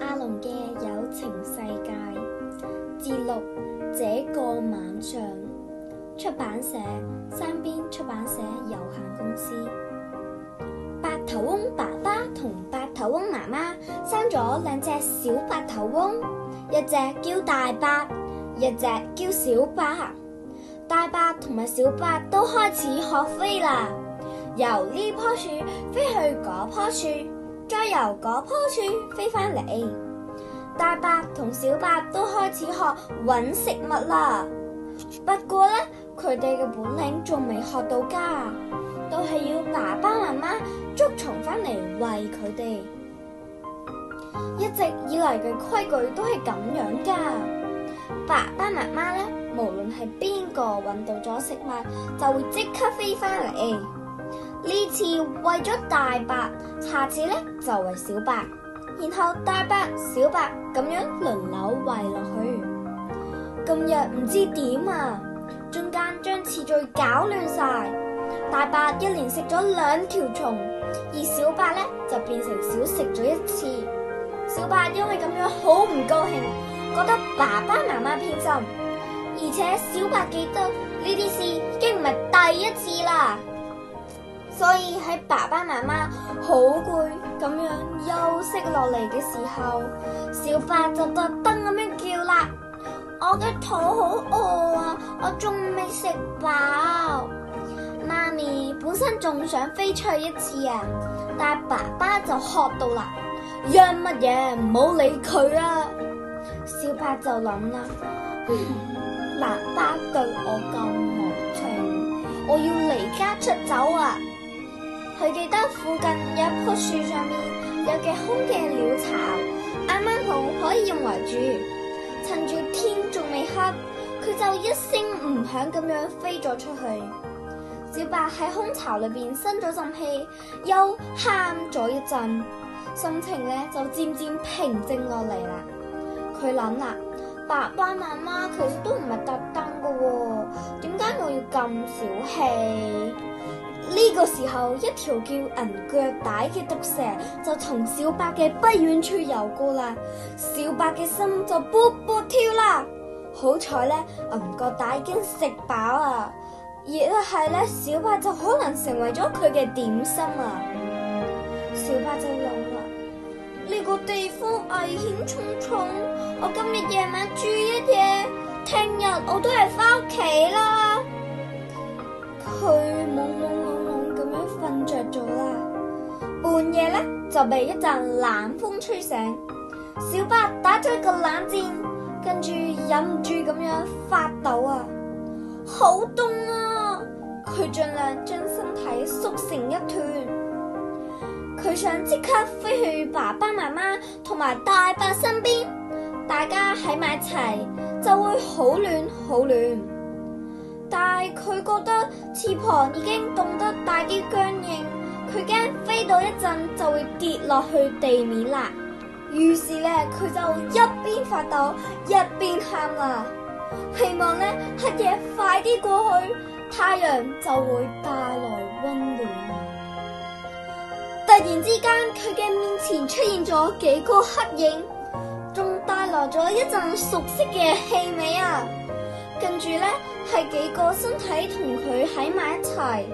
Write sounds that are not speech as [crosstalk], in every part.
阿濃嘅《有情世界》節錄，這個晚上，出版社：山邊出版社有限公司。白頭翁爸爸同白頭翁媽媽生咗兩隻小白頭翁，一隻叫大白，一隻叫小白。大白同埋小白都開始學飛啦，由呢棵樹飛去嗰棵樹。再由嗰樖樹飛翻嚟，大伯同小白都開始學揾食物啦。不過呢，佢哋嘅本領仲未學到家，都係要爸爸媽媽捉蟲翻嚟喂佢哋。一直以嚟嘅規矩都係咁樣噶。爸爸媽媽呢，無論係邊個揾到咗食物，就會即刻飛翻嚟。呢次餵咗大伯，下次咧就餵小白，然後大伯、小白咁樣輪流餵落去。今日唔知點啊，中間將次序搞亂晒，大伯一連食咗兩條蟲，而小白咧就變成少食咗一次。小白因為咁樣好唔高興，覺得爸爸媽媽偏心，而且小白記得呢啲事已經唔係第一次啦。所以喺爸爸媽媽好攰咁樣休息落嚟嘅時候，小花就特登咁樣叫啦：我嘅肚好餓啊，我仲未食飽。媽咪本身仲想飛出去一次啊，但係爸爸就喝到啦，因乜嘢唔好理佢啊！小八」小花就諗啦：爸爸對我咁無情，我要離家出走啊！佢記得附近有一棵樹，上面有嘅空嘅鳥巢，啱啱好可以用嚟住。趁住天仲未黑，佢就一聲唔響咁樣飛咗出去。小白喺空巢裏邊生咗陣氣，又喊咗一陣，心情咧就漸漸平靜落嚟啦。佢諗啦，爸爸媽媽其實都唔係特登㗎喎，點解我要咁小氣？個時候，一條叫銀腳帶嘅毒蛇就從小白嘅不遠處游過啦，小白嘅心就卜卜跳啦。好彩咧，銀腳帶已經食飽啦，而係咧，小白就可能成為咗佢嘅點心啦。小白就諗啦，呢 [music] 個地方危險重重，我今日夜晚住一夜，聽日我都係翻屋企啦。佢懵懵。 [music] 着咗啦！半夜呢就被一陣冷風吹醒，小白打咗一個冷戰，跟住忍唔住咁樣發抖啊！好凍啊！佢盡量將身體縮成一團，佢想即刻飛去爸爸媽媽同埋大伯身邊，大家喺埋一齊就會好暖好暖。但係佢覺得翅膀已經凍得大啲僵硬，佢驚飛到一陣就會跌落去地面啦。於是咧，佢就一邊發抖一邊喊啦，希望咧黑夜快啲過去，太陽就會帶來溫暖。突然之間，佢嘅面前出現咗幾個黑影，仲帶來咗一陣熟悉嘅氣味啊！跟住咧，係幾個身體同佢喺埋一齊。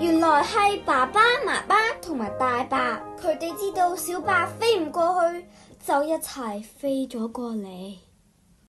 原來係爸爸媽媽同埋大伯，佢哋知道小白飛唔過去，就一齊飛咗過嚟。